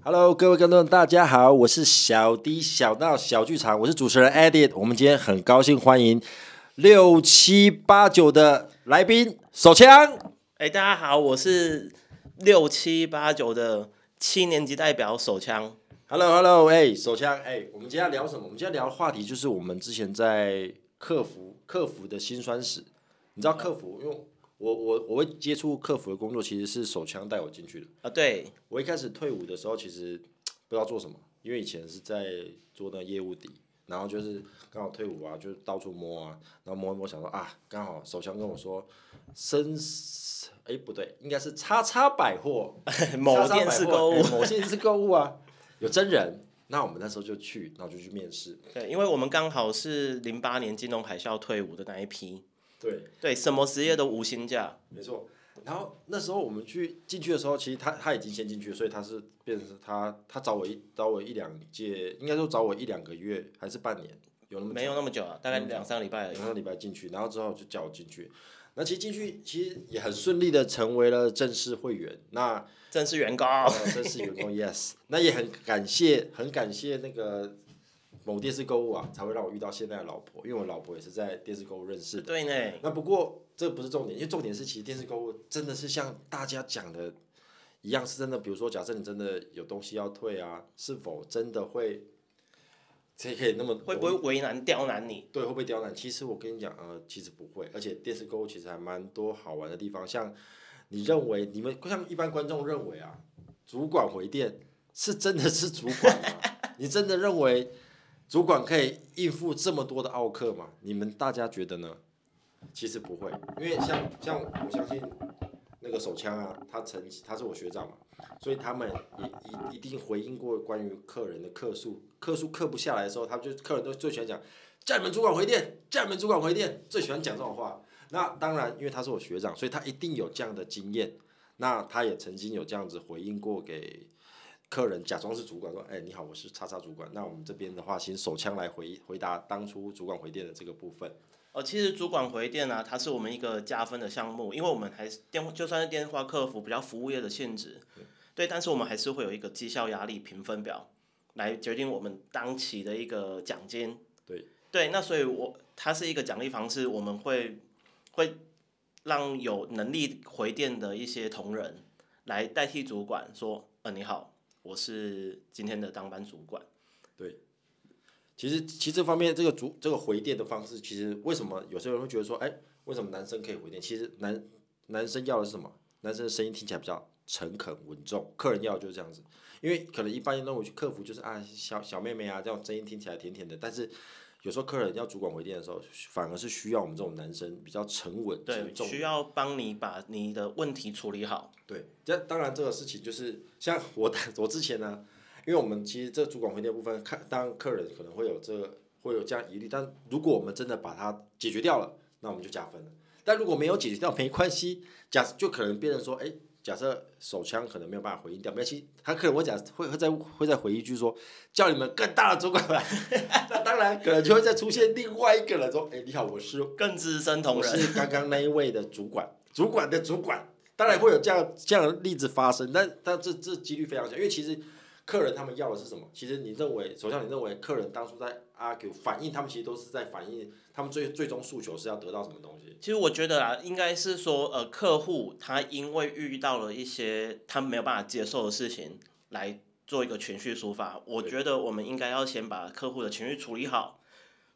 Hello，各位觀眾，大家好，我是小 D 小鬧小劇場，我是主持人 Edit。我們今天很高興歡迎六七八九的來賓手槍。哎、欸，大家好，我是六七八九的七年級代表手槍。哈 e 哈 l o o 手槍，哎、欸，我們今天要聊什麼？我們今天聊的話題就是我們之前在客服客服的辛酸史。你知道客服用？因為我我我會接觸客服的工作，其實是手槍帶我進去的啊。對我一開始退伍的時候，其實不知道做什麼，因為以前是在做那業務底，然後就是剛好退伍啊，就到處摸啊，然後摸一摸，想說啊，剛好手槍跟我說，深，哎、欸、不對，應該是叉叉百貨、 嗯，某電視購物，某電視購物啊， 有真人，那我們那時候就去，然後就去面試。對，因為我們剛好是零八年金融海嘯退伍的那一批。對對，什麼職業都無薪假，沒錯。然後那時候我們去進去的時候，其實他他已經先進去了，所以他是變成他他找我一找我一兩屆，應該說找我一兩個月還是半年，有那麼沒有那麼久啊？大概兩三個禮拜，兩三個禮拜進去，然後之後就叫我進去。那其實進去其實也很順利的成為了正式會員，那正式員，呃，正式員工，正式員工，yes。那也很感謝，很感謝那個。某電視購物啊，才會讓我遇到現在的老婆，因為我老婆也是在電視購物認識的。對呢。那不過這不是重點，因為重點是其實電視購物真的是像大家講的一樣是真的。比如說，假設你真的有東西要退啊，是否真的會這可以那麼會不會為難刁難你？對，會不會刁難？其實我跟你講，呃，其實不會。而且電視購物其實還蠻多好玩的地方，像你認為你們像一般觀眾認為啊，主管回電是真的是主管嗎？ 你真的認為？主管可以應付這麼多的奧客嗎？你們大家覺得呢？其實不會，因為像像我相信那個手槍啊，他曾他是我學長嘛，所以他們一一一定回應過關於客人的客訴，客訴客不下來的時候，他們就客人都最喜歡講叫你們主管回電，叫你們主管回電，最喜歡講這種話。那當然，因為他是我學長，所以他一定有這樣的經驗，那他也曾經有這樣子回應過給。客人假裝是主管說：“哎、欸，你好，我是叉叉主管。那我們這邊的話，請手槍來回回答當初主管回電的這個部分。”哦、呃，其實主管回電呢、啊，它是我們一個加分的項目，因為我們還是電話，就算是電話客服比較服務業的性質，嗯、對，但是我們還是會有一個績效壓力評分表來決定我們當期的一個獎金。對對，那所以我它是一個獎勵方式，我們會會讓有能力回電的一些同仁來代替主管說：“呃，你好。”我是今天的當班主管，對，其實其實這方面這個主這個回電的方式，其實為什麼有些人會覺得說，哎，為什麼男生可以回電？其實男男生要的是什麼？男生的聲音聽起來比較誠懇穩重，客人要的就是這樣子，因為可能一般那種去客服就是啊小小妹妹啊，這種聲音聽起來甜甜的，但是。有時候客人要主管回電的時候，反而是需要我們這種男生比較沉穩。對，種需要幫你把你的問題處理好。對，這當然這個事情就是像我我之前呢，因為我們其實這主管回電部分，看當然客人可能會有這個、會有這樣疑慮，但如果我們真的把它解決掉了，那我們就加分了。但如果沒有解決掉沒關係，假設就可能變成說，哎。假設手槍可能沒有辦法回應掉，對不起，他可能會講會會，會再會再回一句說，叫你們更大的主管吧，那 當然可能就會再出現另外一個人說，哎、欸，你好，我是更資深同仁，我是剛剛那一位的主管， 主管的主管，當然會有這樣這樣的例子發生，但但這這幾率非常小，因為其實。客人他們要的是什麼？其實你認為，首先你認為客人當初在 argue 反應他們其實都是在反映他們最最終訴求是要得到什麼東西？其實我覺得啊，應該是說，呃，客戶他因為遇到了一些他沒有辦法接受的事情，來做一個情緒抒發。我覺得我們應該要先把客戶的情緒處理好，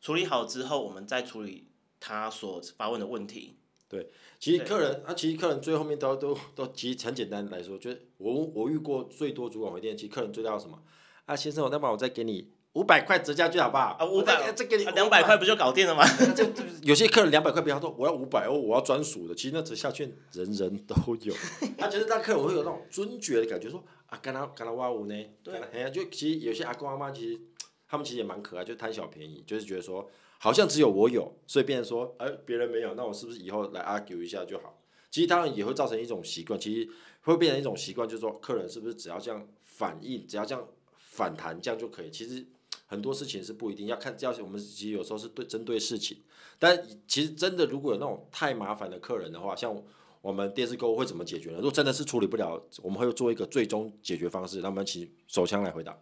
處理好之後，我們再處理他所發問的問題。對，其實客人，對啊，其實客人最後面都都都，都其實很簡單來說，就是我我遇過最多主管回電，其實客人最大的什麼？啊先生，我再幫我再給你五百塊折價券，好不好？啊五百，再給你兩百塊不就搞定了嗎？啊啊、這有些客人兩百塊不要，他說我要五百哦，我要專屬的。其實那折價券人人都有，他覺得那客人會有那種尊爵的感覺，說啊跟他跟他哇嗚呢，對，哎，就其實有些阿公阿媽其實他們其實也蠻可愛，就貪小便宜，就是覺得說。好像只有我有，所以變成說，哎、欸，別人沒有，那我是不是以後來 argue 一下就好？其實當然也會造成一種習慣，其實會變成一種習慣，就是說客人是不是只要這樣反應，只要這樣反彈，這樣就可以？其實很多事情是不一定要看，只要我們其實有時候是對針對事情，但其實真的如果有那種太麻煩的客人的話，像我們電視購物會怎麼解決呢？如果真的是處理不了，我們會做一個最終解決方式，讓他們起手槍來回答。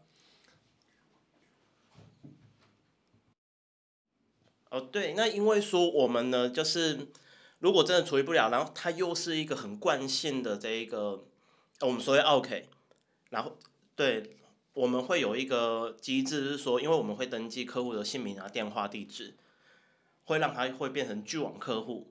哦，oh, 對，那因為說我們呢，就是如果真的處理不了，然後它又是一個很慣性的這一個，我們說為 OK，然後對，我們會有一個機制就是說，因為我們會登記客戶的姓名啊、電話、地址，會讓他會變成拒往客戶。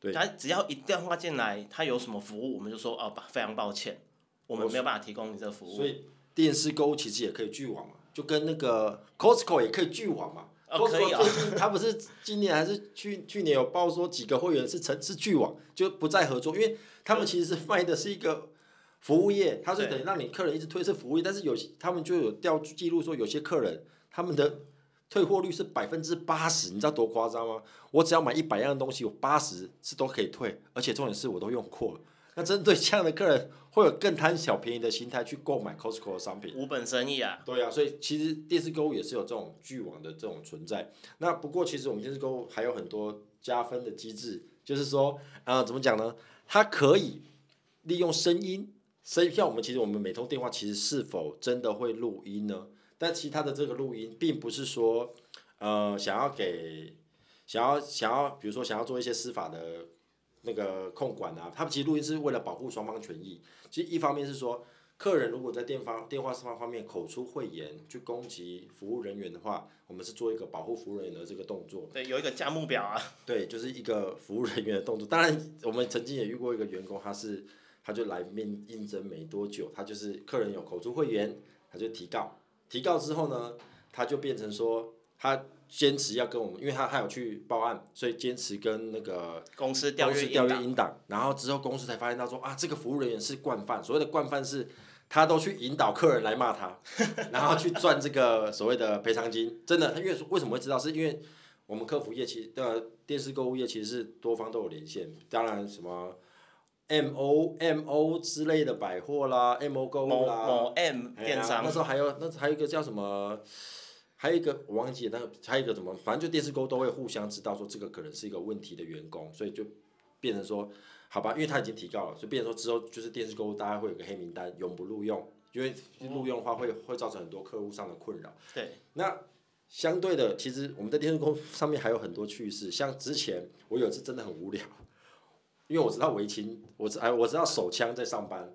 對，他只要一電話進來，他有什麼服務，我們就說哦、啊，非常抱歉，我們沒有辦法提供你這個服務。所以電視購物其實也可以拒往嘛，就跟那個 Costco 也可以拒往嘛。不、oh, 最近他不是今年還是去以、啊、 去年有報說幾個會員是成是巨網就不再合作，因為他們其實是賣的是一個服務業，他、嗯、是等於讓你客人一直推是服務業，對但是有些他們就有調記錄說有些客人他們的退貨率是百分之八十，你知道多誇張嗎？我只要買一百樣的東西，我八十是都可以退，而且重點是我都用過了。那針對這樣的客人，會有更貪小便宜的心態去購買 Costco 的商品，無本生意啊！對啊，所以其實電視購物也是有這種巨網的這種存在。那不過其實我們電視購物還有很多加分的機制，就是說，啊、呃，怎麼講呢？它可以利用聲音，聲音像我們其實我們每通電話其實是否真的會錄音呢？但其他的這個錄音並不是說，呃，想要給，想要想要，比如說想要做一些司法的。那個控管啊，他們其實錄音是為了保護雙方權益。其實一方面是說，客人如果在電方電話雙方方面口出穢言去攻擊服務人員的話，我們是做一個保護服務人員的這個動作。對，有一個價目表啊。對，就是一個服務人員的動作。當然，我們曾經也遇過一個員工，他是他就來面應徵沒多久，他就是客人有口出穢言，他就提告。提告之後呢，他就變成說他。堅持要跟我們，因為他還有去報案，所以堅持跟那個公司調閱、公司調閱音檔，然後之後公司才發現到說啊，這個服務人員是慣犯，所謂的慣犯是，他都去引導客人來罵他， 然後去賺這個所謂的賠償金。真的，他因為為什麼會知道，是因為我們客服業其實呃，電視購物業其實是多方都有連線，當然什麼 M O M O 之類的百貨啦，M O 購物啦，某 M 電商，那時候還有，那還有一個叫什麼？還有一個我忘記，但、那個、還有一個怎麼，反正就電視購物都會互相知道說這個可能是一個問題的員工，所以就變成說，好吧，因為他已經提告了，所以變成說之後就是電視購物大家會有個黑名單，永不錄用，因為錄用的話會、嗯、會造成很多客戶上的困擾。對，那相對的，其實我們在電視購物上面還有很多趣事，像之前我有一次真的很無聊，因為我知道圍巾，我知哎我知道手槍在上班，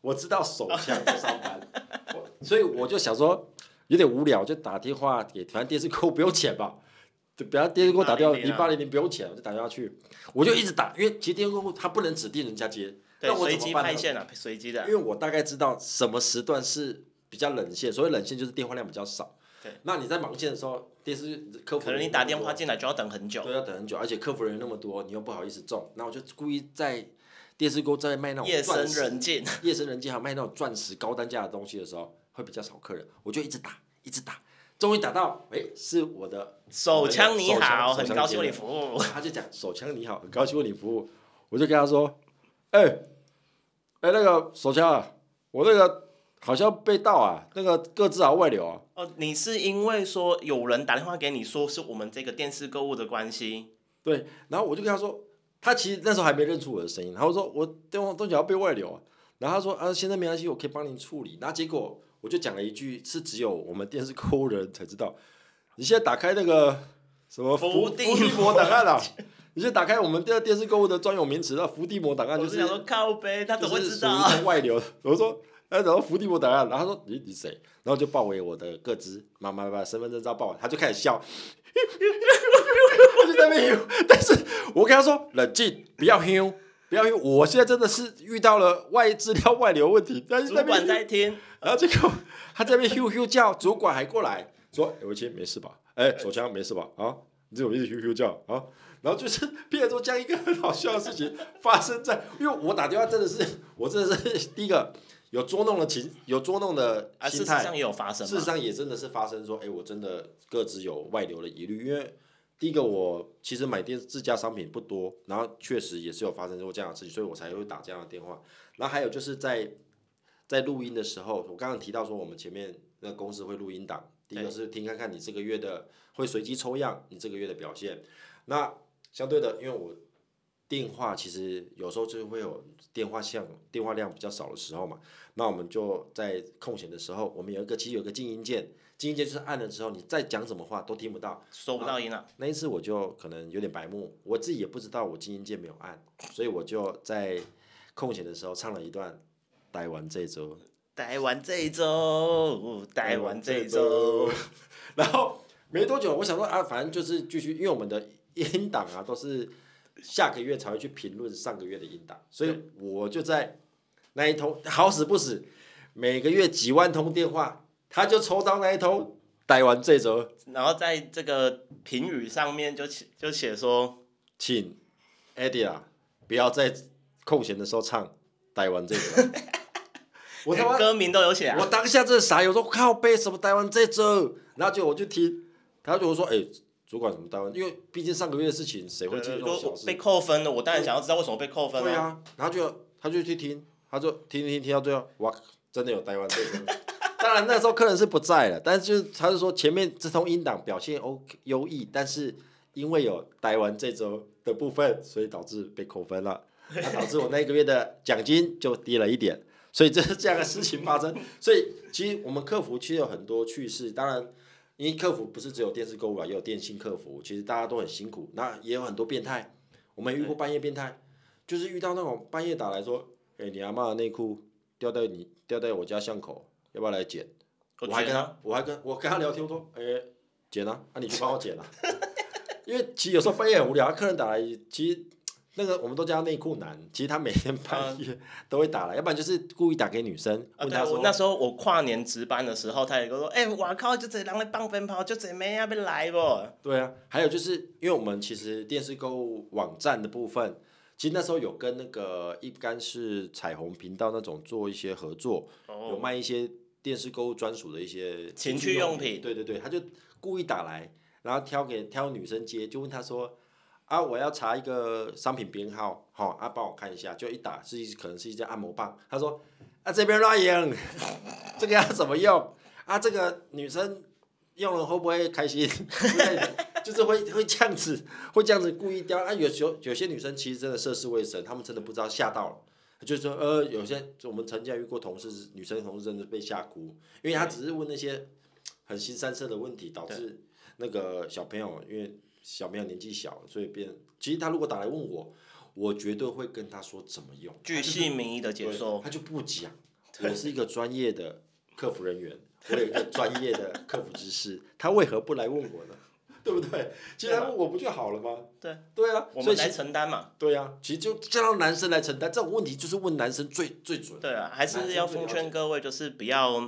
我知道手槍在上班， 所以我就想說。有點無聊，就打電話給反正電視哥不用錢吧，就不要電視哥打掉，零八零零不用錢，我就打電話去，我就一直打，嗯、因為其實電視客服他不能指定人家接，對那我怎麼辦呢？隨機派線啊，隨機的啊、因為我大概知道什麼時段是比較冷線，所以冷線就是電話量比較少。對那你在忙線的時候，電視客服可能你打電話進來就要等很久，對，要等很久，而且客服人員那麼多，你又不好意思撞，那我就故意在電視哥在賣那種夜深人靜，夜深人靜還有賣那種鑽石高單價的東西的時候。會比較少客人，我就一直打，一直打，終於打到，哎，是我的手槍，手槍，你好，很高興為你服務。他就講手槍你好，很高興為你服務。我就跟他說，哎，哎，那個手槍啊，我那個好像被盜啊，那個個資啊外流啊。哦、呃，你是因為說有人打電話給你說是我們這個電視購物的關係？對。然後我就跟他說，他其實那時候還沒認出我的聲音，然後他說我電話東西要被外流，啊。然後他說啊，現在沒關係，我可以幫您處理。然後結果。我就講了一句，是只有我們電視購物的人才知道。你現在打開那個什麼伏、oh, 地魔檔案了，啊？ 你現在打開我們電電視購物的專有名詞了。伏地魔檔案就是，想說靠杯他怎麼知道？外流。我說，哎，然後伏地魔檔案，然後他說你你誰？然後就報為我的個資，媽媽把身份證照報完，他就開始笑。我就在那，但是我跟他說，冷靜，不要凶。不要因為，我現在真的是遇到了外資料外流問題。但是主管在聽，然後這個他這邊 QQ 叫，主管還過來說：“偉、欸、青沒事吧？”“哎、欸，手槍沒事吧？”“啊，你這邊一直 QQ 叫啊。”然後就是，變成這樣一個很好笑的事情，發生在 因為我打電話真的是，我真的是第一個有捉，有捉弄的情，有捉弄的心態、啊。事實上也有發生。事實上也真的是發生說，哎、欸，我真的各自有外流的疑慮，因為。第一個，我其實買電自家商品不多，然後確實也是有發生過這樣的事情，所以我才會打這樣的電話。然後還有就是在在錄音的時候，我剛剛提到說我們前面那公司會錄音檔，第一個是聽看看你這個月的對會隨機抽樣你這個月的表現。那相對的，因為我電話其實有時候就會有電話線，電話量比較少的時候嘛，那我們就在空閒的時候，我們有一個其實有個靜音鍵。靜音鍵就是按了之後，你再講什麼話都聽不到，收不到音了，啊啊。那一次我就可能有點白目，我自己也不知道我靜音鍵沒有按，所以我就在空閒的時候唱了一段《待完這一週》。待完這一週，待完這一週。週然後沒多久，我想說啊，反正就是繼續，因為我們的音檔啊都是下個月才會去評論上個月的音檔，所以我就在那一通好死不死，每個月幾萬通電話，他就抽到那一頭，台灣這週，然後在這個評語上面就寫就寫說，請，Adia，、啊、不要在空閒的時候唱台灣這一週， 我的歌名都有寫啊！我當下真的傻，我說靠北什麼台灣這週？然後就我就聽，他就我說哎、欸，主管什麼台灣，因為畢竟上個月的事情，誰會記得這種小事，被扣分了，我當然想要知道為什麼被扣分了。對，對啊，然後他就他就去聽，他就聽聽聽到最後，哇，真的有台灣這週。 當然那時候客人是不在了，但是就是他是說前面這通音檔表現 OK 優異，但是因為有台灣這周的部分，所以導致被扣分了，那導致我那個月的獎金就低了一點，所以這是這樣的事情發生。所以其實我們客服其實有很多趣事，當然因為客服不是只有電視購物啊，也有電信客服，其實大家都很辛苦。那也有很多變態，我們遇過半夜變態，就是遇到那種半夜打來說，哎、欸，你阿嬤的內褲掉在你掉在我家巷口。要不要來撿？我，我還跟他，我還跟我跟他聊天，我說，哎、欸，撿啊，那、啊、你去幫我撿啊。 因為其實有時候半夜很無聊，客人打來，其實那個我們都叫他內褲男，其實他每天半夜都會打來，啊、要不然就是故意打給女生，啊、問他說。那時候我跨年值班的時候，他也跟我說，哎、欸，我靠，就這人來放鞭炮，就這妹啊要來不？對啊，還有就是因為我們其實電視購物網站的部分，其實那時候有跟那個一干是彩虹頻道那種做一些合作，oh、有賣一些。電視購物專屬的一些情趣用品，對對對，他就故意打來，然後挑給挑女生接，就問他說：“啊，我要查一個商品編號，好、哦、啊，幫我看一下。”就一打是一，可能是一隻按摩棒，他說：“啊，這邊亂用，這個要怎麼用？啊，這個女生用了會不會開心？ 就是會 會這樣子，會這樣子故意刁。啊，有時候有，有些女生其實真的涉世未深，她們真的不知道嚇到了。”就是說，呃，有些就我們曾經遇過同事，女生同事真的被嚇哭，因為他只是問那些很腥羶色的問題，導致那個小朋友，因為小朋友年紀小，所以變。其實他如果打來問我，我絕對會跟他說怎麼用，鉅細靡遺的解說，他就不講。我是一個專業的客服人員，我有一個專業的客服知識，他為何不來問我呢？對不對？其實他問我不就好了嗎？對嗎？對、對啊，我們來承擔嘛。對啊，其實就叫男生來承擔這種問題，就是問男生最最準。對啊，還是要奉勸各位，就是不要。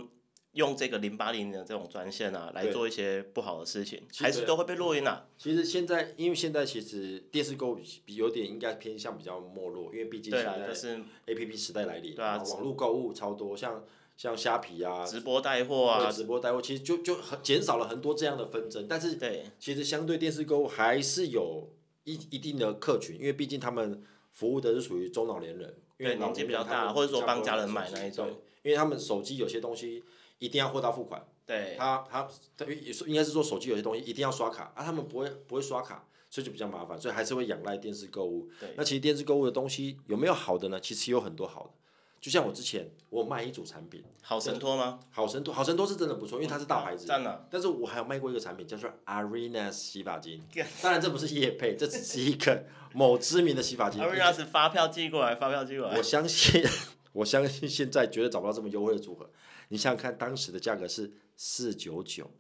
用這個零八零的這種專線啊，來做一些不好的事情，對還是都會被錄音啊、嗯。其實現在，因為現在其實電視購物比有點應該偏向比較沒落，因為畢竟現在是 A P P 時代來臨，對啊，網絡購物超多，像像蝦皮啊，直播帶貨啊，直播帶貨其實就就很減少了很多這樣的紛爭，但是對，其實相對電視購物還是有一一定的客群，因為畢竟他們服務的是屬於中老年人，對因為年紀比較大，或者說幫家人買那一種，對因為他們手機有些東西。一定要貨到付款。對，他他，有是應該是說手機有些東西一定要刷卡啊，他們不會不會刷卡，所以就比較麻煩，所以還是會仰賴電視購物。對，那其實電視購物的東西有沒有好的呢？其實有很多好的，就像我之前我有賣一組產品，嗯、以好神托嗎？好神托，好神托是真的不錯，嗯、因為它是大牌子，啊、但是我還有賣過一個產品，叫做 Arena 洗髮精。 當然，這不是業配，這只是一個某知名的洗髮精。 為 Arina 是發票寄過來，發票寄過來。我相信，我相信現在絕對找不到這麼優惠的組合。你想想看，當時的價格是四九九，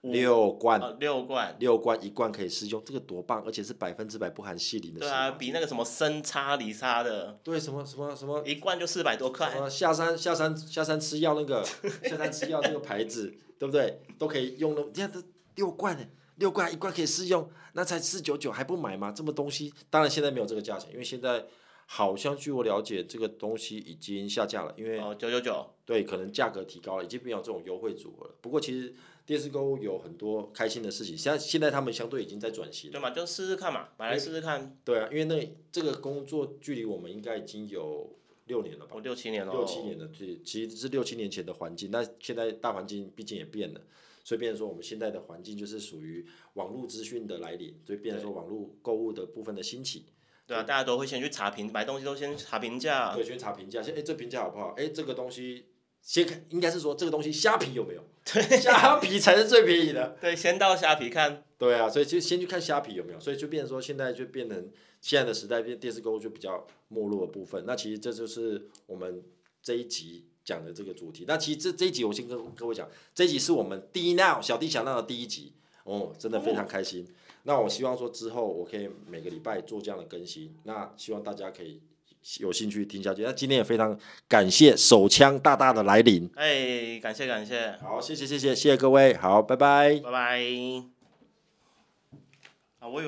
六罐，六罐，六罐，一罐可以試用，這個多棒！而且是百分之百不含西林的西藥，對啊，比那個什麼生差裡差的。對，什麼什麼什麼，什麼一罐就四百多塊。什下山下山下山吃藥那個， 下山吃藥那個牌子，對不對？都可以用的、那個，你看這六罐呢，六罐一罐可以試用，那才四九九，還不買嗎？這麼東西，當然現在沒有這個價錢，因為現在好像據我了解，這個東西已經下架了，因為哦九九九。對，可能價格提高了，已經沒有這種優惠組合了。不過其實電視購物有很多開心的事情。像現在他們相對已經在轉型，對嘛？就試試看嘛，買來試試看。對啊，因為那這個工作距離我們應該已經有六年了吧？我六七年了，六七年的最其實是六七年前的環境。那現在大環境畢竟也變了，所以變成說我們現在的環境就是屬於網絡資訊的來臨，所以變成說網絡購物的部分的興起。對啊，大家都會先去查評，買東西都先查評價，對，先查評價，哎、欸，這評價好不好？哎、欸，這個東西。先看，應該是說這個東西蝦皮有沒有？對，蝦皮才是最便宜的。對，先到蝦皮看。對啊，所以就先去看蝦皮有沒有，所以就變成說現在就變成現在的時代變，電電視購物就比較沒落的部分。那其實這就是我們這一集講的這個主題。那其實這這一集我先跟各位講，這一集是我們第一 Now 小弟想到的第一集哦，真的非常開心。哦。那我希望說之後我可以每個禮拜做這樣的更新，那希望大家可以。有興趣聽下去，那今天也非常感謝手槍大大的來臨。哎、欸，感謝感謝，好，謝謝謝謝謝謝各位，好，拜拜，拜拜。啊，我以為